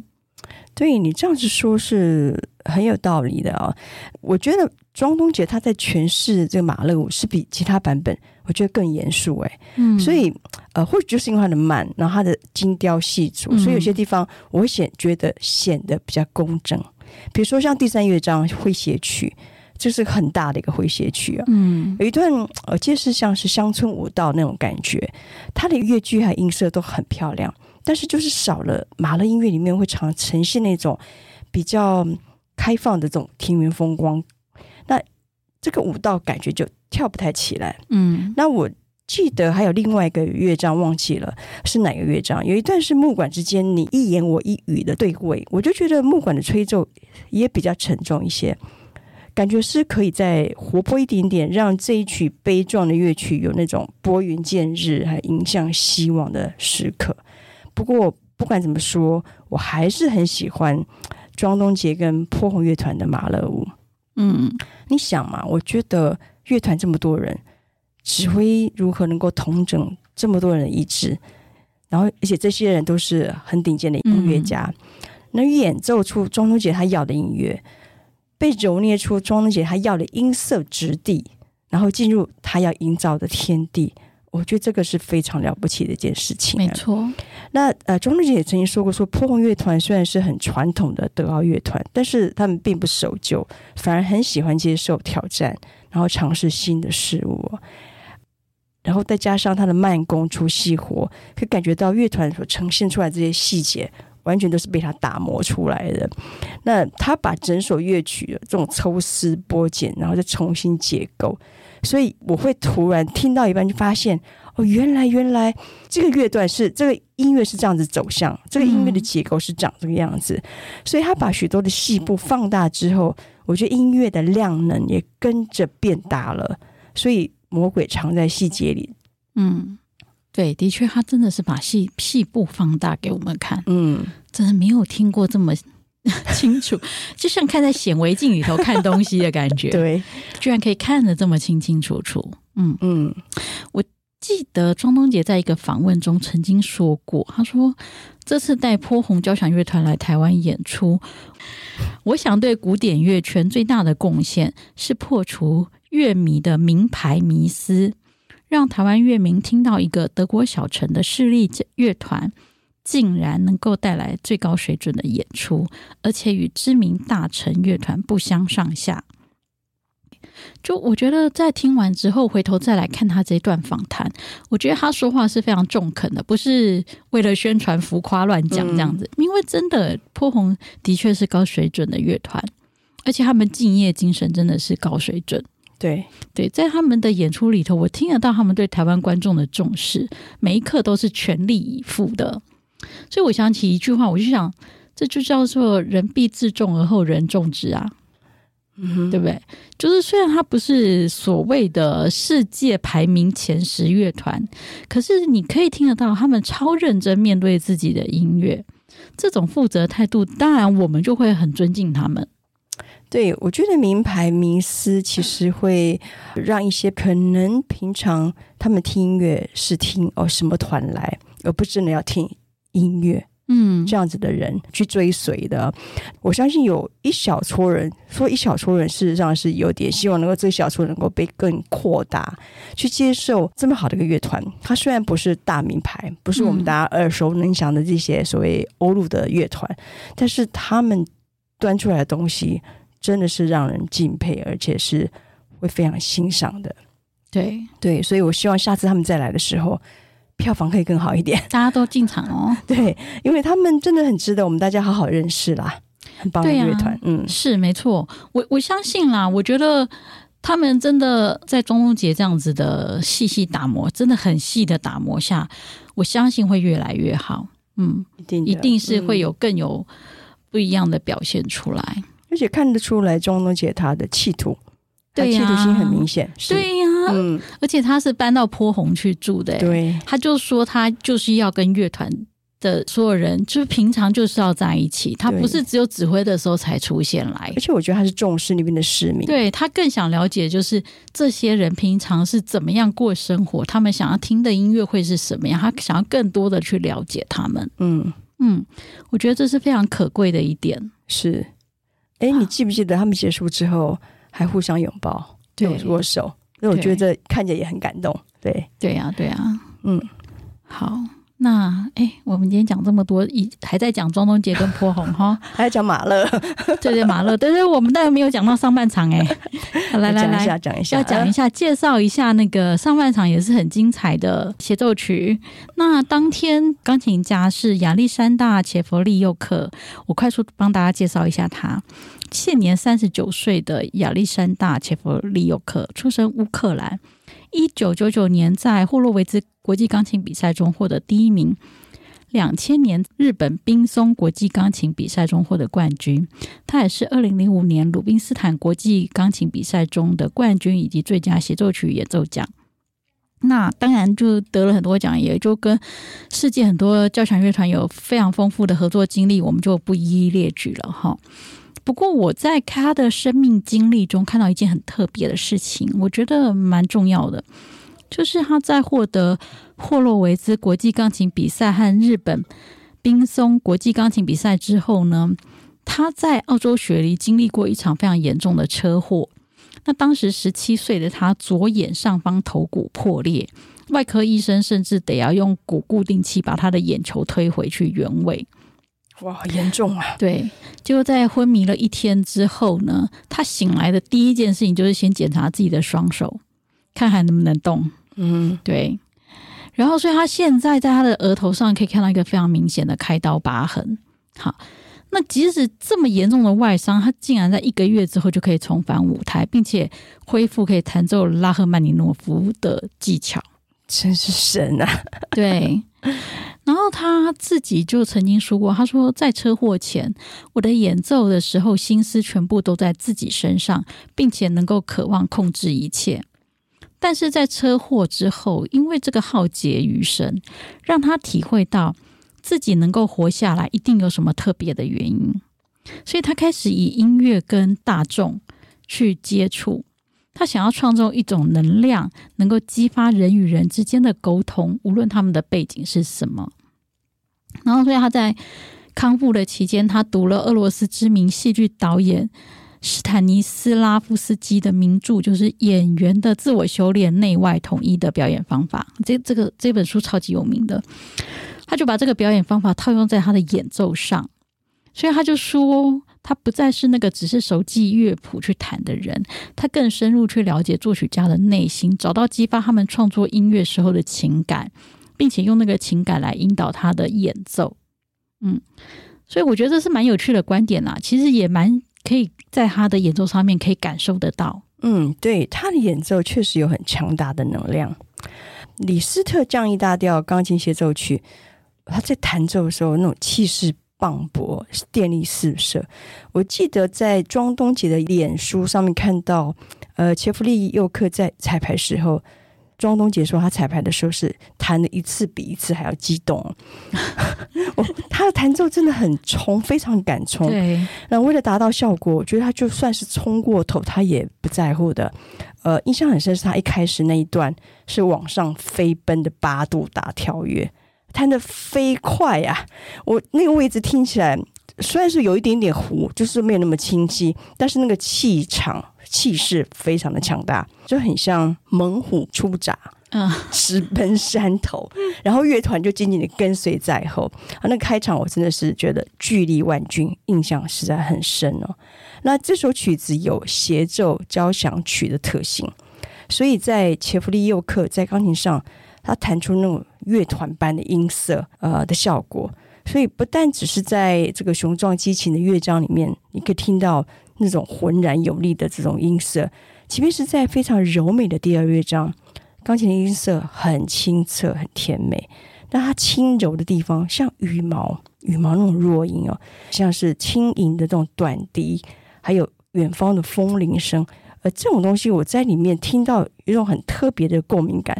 對，你這樣子說是很有道理的哦。我覺得莊東杰他在詮釋這個馬勒五是比其他版本我覺得更嚴肅誒。嗯，所以呃，或許就是因為他的慢，然後他的精雕細琢，所以有些地方我會顯覺得顯得比較工整，嗯，比如說像第三樂章詼諧曲。就是很大的一個詼諧曲啊，嗯，有一段呃，就是像是鄉村舞蹈那種感覺，它的樂句和音色都很漂亮，但是就是少了馬勒音樂裡面會常常呈現那種比較開放的這種田園風光，那這個舞蹈感覺就跳不太起來。嗯，那我記得還有另外一個樂章，忘記了是哪個樂章，有一段是木管之間你一言我一語的對位，我就覺得木管的吹奏也比較沉重一些。感覺是可以再活潑一點點，讓這一曲悲壯的樂曲有那種撥雲見日、還迎向希望的時刻。不過，不管怎麼說，我還是很喜歡莊東杰跟波鴻樂團的馬勒五。嗯，你想嘛，我覺得樂團這麼多人，指揮如何能夠統整這麼多人的意志？然後，而且這些人都是很頂尖的音樂家，能演奏出莊東杰他要的音樂。被揉捏出莊東杰她要的音色質地，然後進入她要營造的天地。我覺得這個是非常了不起的一件事情啊。沒錯，那呃，莊東杰也曾經說過說，說波鴻樂團雖然是很傳統的德奧樂團，但是他們並不守舊，反而很喜歡接受挑戰，然後嘗試新的事物。然後再加上他的慢工出細活，可以感覺到樂團所呈現出來這些細節。完全都是被他打磨出來的。那他把整首樂曲的這種抽絲剝繭，然後再重新結構，所以我會突然聽到一半就發現哦，原來原來這個樂段是這個音樂是這樣子走向，這個音樂的結構是長這個樣子，嗯。所以他把許多的細部放大之後，我覺得音樂的量能也跟着變大了。所以魔鬼藏在細節裡，嗯。對，的確，他真的是把細細部放大給我們看，嗯，真的沒有聽過這麼清楚， 就像看在顯微鏡裡頭看東西的感覺， 對，居然可以看得這麼清清楚楚，嗯嗯。我記得莊東杰在一個訪問中曾經說過，他說：“這次帶波鴻交響樂團來台灣演出，我想對古典樂圈最大的貢獻是破除樂迷的名牌迷思。”讓台灣樂迷聽到一個德國小城的實力樂團，竟然能夠帶來最高水準的演出，而且與知名大城樂團不相上下。就我覺得，在聽完之後，回頭再來看他這段訪談，我覺得他說話是非常中肯的，不是為了宣傳浮誇亂講這樣子。嗯嗯，因為真的，波鴻的確是高水準的樂團，而且他們敬業精神真的是高水準。對對，在他們的演出裡頭，我聽得到他們對台灣觀眾的重視，每一刻都是全力以赴的。所以我想起一句話，我就想，這就叫做“人必自重而後人重之”啊，嗯哼，對不對？就是雖然他不是所謂的世界排名前十樂團，可是你可以聽得到他們超認真面對自己的音樂，這種負責態度，當然我們就會很尊敬他們。對，我覺得名牌迷思其實會讓一些可能平常他們聽音樂是聽哦什麼團來，而不是真的要聽音樂，嗯，這樣子的人去追隨的、嗯。我相信有一小撮人，說一小撮人事實上是有點希望能夠這小撮人能夠被更擴大去接受這麼好的一個樂團。它雖然不是大名牌，不是我們大家耳熟能詳的這些所謂歐陸的樂團，嗯、但是他們端出來的東西。真的是讓人敬佩，而且是會非常欣賞的。對對，所以我希望下次他們再來的時候，票房可以更好一點。大家都進場哦。 對，因為他們真的很值得我們大家好好認識啦，很棒的樂團。啊、嗯，是沒錯。我我相信啦，我覺得他們真的在中秋節這樣子的細細打磨，真的很細的打磨下，我相信會越來越好。嗯，一定一定是會有更有不一樣的表現出來。嗯而且看得出來，莊東杰他的企圖，對呀、啊，企圖心很明顯。對呀、啊，嗯，而且他是搬到波鴻去住的，對，他就說他就是要跟樂團的所有人，就是平常就是要在一起，他不是只有指揮的時候才出現來。而且我覺得他是重視那邊的市民，對他更想了解就是這些人平常是怎麼樣過生活，他們想要聽的音樂會是什麼樣，他想要更多的去了解他們。嗯嗯，我覺得這是非常可貴的一點，是。哎，你記不記得他們結束之後還互相擁抱，對，握手。那我覺得看着也很感動。對，對呀、啊，對呀、啊，嗯，好。那誒，我們今天講這麼多，一還在講莊東杰跟波鴻，哈，還在講馬勒， 對，對，馬勒，但是我們當然沒有講到上半場誒、欸， 來來來，講一下來，講一下，要講一下，呃、介紹一下那個上半場也是很精彩的協奏曲。那當天鋼琴家是亞歷山大切佛利尤克，我快速幫大家介紹一下他，現年三十九歲的亞歷山大切佛利尤克，出生烏克蘭。一九九九年，在霍洛維茲國際鋼琴比賽中獲得第一名；兩千年，日本濱松國際鋼琴比賽中獲得冠軍。他也是二零零五年魯賓斯坦國際鋼琴比賽中的冠軍以及最佳協奏曲演奏獎。那當然就得了很多獎，也就跟世界很多交響樂團有非常豐富的合作經歷，我們就不一一列舉了哈。不過我在他的生命經歷中看到一件很特別的事情，我覺得蠻重要的，就是他在獲得霍洛維茲國際鋼琴比賽和日本濱松國際鋼琴比賽之後呢，他在澳洲雪梨經歷過一場非常嚴重的車禍。那當時十七歲的他左眼上方頭骨破裂，外科醫生甚至得要用骨固定器把他的眼球推回去原位。哇，好嚴重啊！對，就在昏迷了一天之後呢，他醒來的第一件事情就是先檢查自己的雙手，看還能不能動。嗯，對。然後，所以他現在在他的額頭上可以看到一個非常明顯的開刀疤痕。好，那即使這麼嚴重的外傷，他竟然在一個月之後就可以重返舞台，並且恢復可以彈奏拉赫曼尼諾夫的技巧，真是神啊！對。然後他自己就曾經說過：“他說，在車禍前，我的演奏的時候，心思全部都在自己身上，並且能夠渴望控制一切。但是在車禍之後，因為這個浩劫餘生，讓他體會到自己能夠活下來，一定有什麼特別的原因。所以他開始以音樂跟大眾去接觸。”他想要創造一種能量，能夠激發人與人之間的溝通，無論他們的背景是什麼。然後，所以他在康復的期間，他讀了俄羅斯知名戲劇導演史坦尼斯拉夫斯基的名著，就是《演員的自我修煉》——內外統一的表演方法。這、這個、這本書超級有名的。他就把這個表演方法套用在他的演奏上，所以他就說。他不再是那個只是熟記樂譜去彈的人，他更深入去了解作曲家的內心，找到激發他們創作音樂時候的情感，並且用那個情感來引導他的演奏。嗯，所以我覺得這是蠻有趣的觀點啦、啊。其實也蠻可以在他的演奏上面可以感受得到。嗯，對，他的演奏確實有很強大的能量。李斯特降 E 大調鋼琴協奏曲，他在彈奏的時候那種氣勢，磅礴，電力四射。我記得在莊東杰的臉書上面看到，呃，切弗利又克在彩排時候，莊東杰說他彩排的時候是彈的一次比一次還要激動， 我 他的彈奏真的很衝，非常敢衝，對。那為了達到效果，我覺得他就算是衝過頭，他也不在乎的。呃，印象很深是他一開始那一段是往上飛奔的八度大跳躍。彈的飛快呀、啊！我那個位置聽起來，雖然是有一點點糊，就是沒有那麼清晰，但是那個氣場、氣勢非常的強大，就很像猛虎出閘，嗯，直奔山頭。然後樂團就緊緊的跟隨在後。啊，那開場我真的是覺得巨力萬鈞，印象實在很深哦。那這首曲子有協奏交響曲的特性，所以在切夫利右克在鋼琴上，它彈出那種樂團般的音色，呃，的效果。所以不但只是在這個雄壯激情的樂章裡面，你可以聽到那種渾然有力的這種音色，即便是在非常柔美的第二樂章，鋼琴的音色很清澈、很甜美。但它輕柔的地方，像羽毛、羽毛那種弱音哦，像是輕盈的這種短笛，還有遠方的風鈴聲。呃，這種東西我在裡面聽到有一種很特別的共鳴感，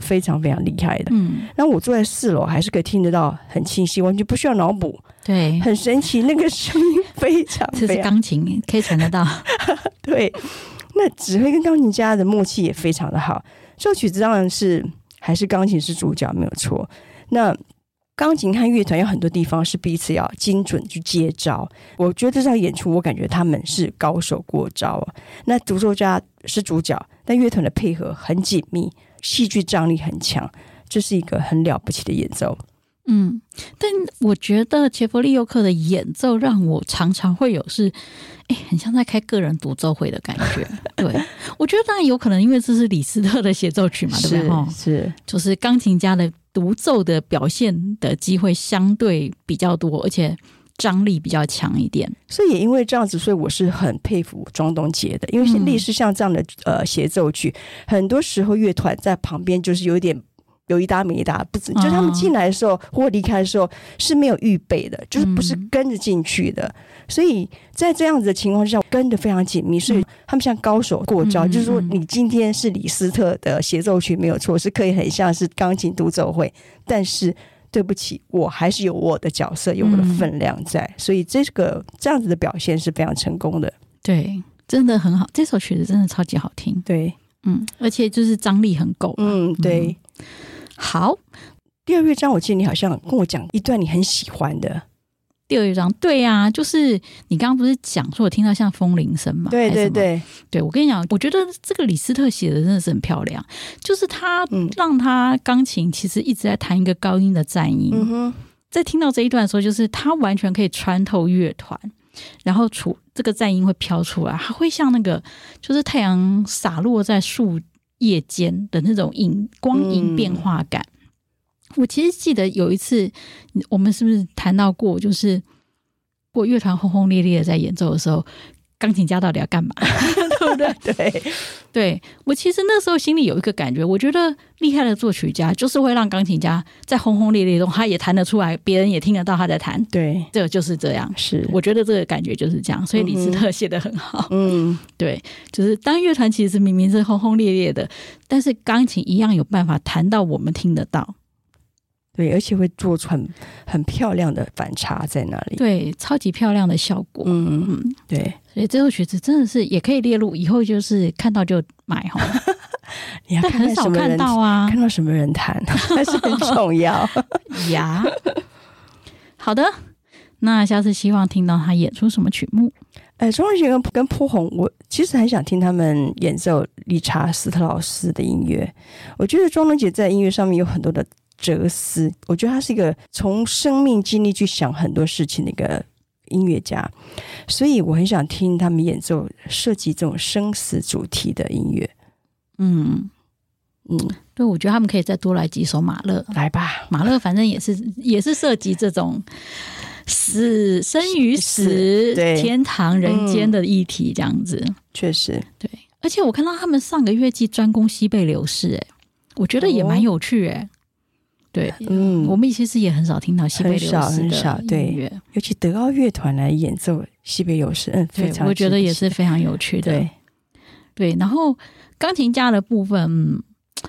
非常非常厲害的。嗯，那我坐在四樓還是可以聽得到，很清晰，完全不需要腦補。對，很神奇，那個聲音非常，非常的。這是鋼琴，可以傳得到。 對，那指揮跟鋼琴家的默契也非常的好。這首曲子當然是還是鋼琴是主角，沒有錯。那。鋼琴和樂團有很多地方是彼此要精準去接招。我覺得這場演出，我感覺他們是高手過招。那獨奏家是主角，但樂團的配合很緊密，戲劇張力很強，這是一個很了不起的演奏。嗯，但我覺得傑弗利尤克的演奏讓我常常會有是，哎、欸，很像在開個人獨奏會的感覺。對， 我覺得當然有可能，因為這是李斯特的協奏曲嘛，對不對？是，就是鋼琴家的獨奏的表現的機會相對比較多，而且張力比較強一點。所以也因為這樣子，所以我是很佩服莊東杰的，因為是類似像這樣的、嗯、呃協奏曲，很多時候樂團在旁邊就是有點。有一搭沒一搭，不止、哦、就是、他們進來的時候或離開的時候是沒有預備的，就是不是跟着進去的，嗯、所以在這樣子的情況下，跟得非常緊密、嗯，所以他們像高手過招、嗯嗯，就是說你今天是李斯特的協奏曲沒有錯，是可以很像是鋼琴獨奏會，但是對不起，我還是有我的角色，有我的分量在，嗯、所以這個這樣子的表現是非常成功的，對，真的很好，這首曲子真的超級好聽，對，嗯，而且就是張力很夠、啊，嗯，對。嗯好，第二樂章，我記得你好像跟我講一段你很喜歡的第二樂章。對呀、啊，就是你剛剛不是講說我聽到像風鈴聲嘛？對對對，對，我跟你講，我覺得這個李斯特寫的真的是很漂亮，就是他，讓他鋼琴其實一直在彈一個高音的顫音。嗯哼，在聽到這一段的時候，就是他完全可以穿透樂團，然後出這個顫音會飄出來，還會像那個，就是太陽灑落在樹。夜間的那種影、光影變化感。嗯，我其實記得有一次，我們是不是談到過，就是過樂團轟轟烈烈的在演奏的時候，鋼琴家到底要幹嘛？ 對對，我其實那時候心裡有一個感覺，我覺得厲害的作曲家就是會讓鋼琴家在轟轟烈烈中他、他也彈得出來，別人也聽得到他在彈。對，這就是這樣，是我覺得這個感覺就是這樣。所以李斯特寫得很好，嗯，嗯，對，就是當樂團其實明明是轟轟烈烈的，但是鋼琴一樣有辦法彈到我們聽得到。對，而且會做出很很漂亮的反差在那裡。對，超級漂亮的效果。嗯嗯嗯，對。所以這首曲子真的是也可以列入以後，就是看到就買哈。 你要看，看很少什麼人看到啊？看到什麼人彈 還是很重要 呀。好的，那下次希望聽到他演出什麼曲目？哎，莊東杰跟波鴻，我其實很想聽他們演奏理查斯特勞斯的音樂。我覺得莊東杰在音樂上面有很多的。哲思，我覺得他是一個從生命經歷去想很多事情的一個音樂家，所以我很想聽他們演奏涉及這種生死主題的音樂。嗯嗯，對，我覺得他們可以再多來幾首馬勒，來吧，馬勒反正也是也是涉及這種死生與死，死對、天堂人間的議題，這樣子，嗯、確實對。而且我看到他們上個月季專攻西貝流士，哎，我覺得也蠻有趣，哎、哦。對，嗯，我們其實也很少聽到西貝流士的音樂，尤其德奧樂團來演奏西貝流士，嗯，對非常我覺得也是非常有趣的。對，對，然後鋼琴家的部分，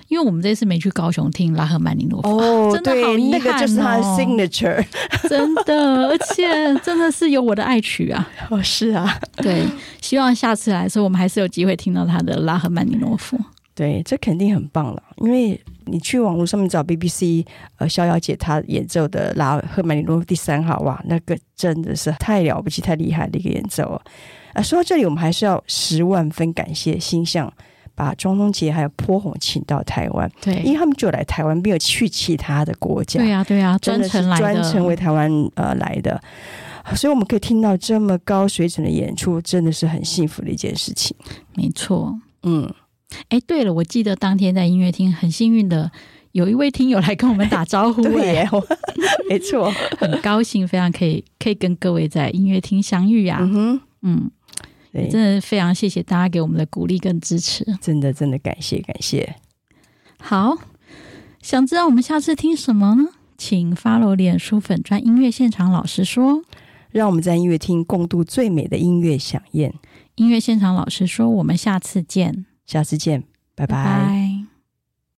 因為我們這次沒去高雄聽拉赫曼尼諾夫，哦，啊，真的好遺憾，哦，那個就是他的 signature，真的，而且真的是有我的愛曲啊，哦，是啊，對，希望下次來的時候，我們還是有機會聽到他的拉赫曼尼諾夫。對，這肯定很棒了，因為。你去網絡上面找 BBC，呃，逍遙節，她演奏的拉赫曼尼諾夫第三號，啊，哇，那個真的是太了不起，太厲害的一個演奏了。啊，說到這裡，我們還是要十萬分感謝新象把莊東杰還有波鴻請到台灣，對，因為他們就來台灣，沒有去其他的國家。對呀，啊，對呀，啊，真的是專程來專程為台灣呃來的，所以我們可以聽到這麼高水準的演出，真的是很幸福的一件事情。沒錯，嗯。哎、欸，對了，我記得當天在音樂廳，很幸運的有一位聽友來跟我們打招呼耶、欸！沒錯， 很高興，非常可以可以跟各位在音樂廳相遇啊！嗯,嗯對也真的非常謝謝大家給我們的鼓勵跟支持，真的真的感謝感謝。好，想知道我們下次聽什麼呢？請 follow 臉書粉專“音樂現場”，老實說，讓我們在音樂廳共度最美的音樂饗宴。音樂現場老實說，我們下次見。下次見，拜拜，拜拜。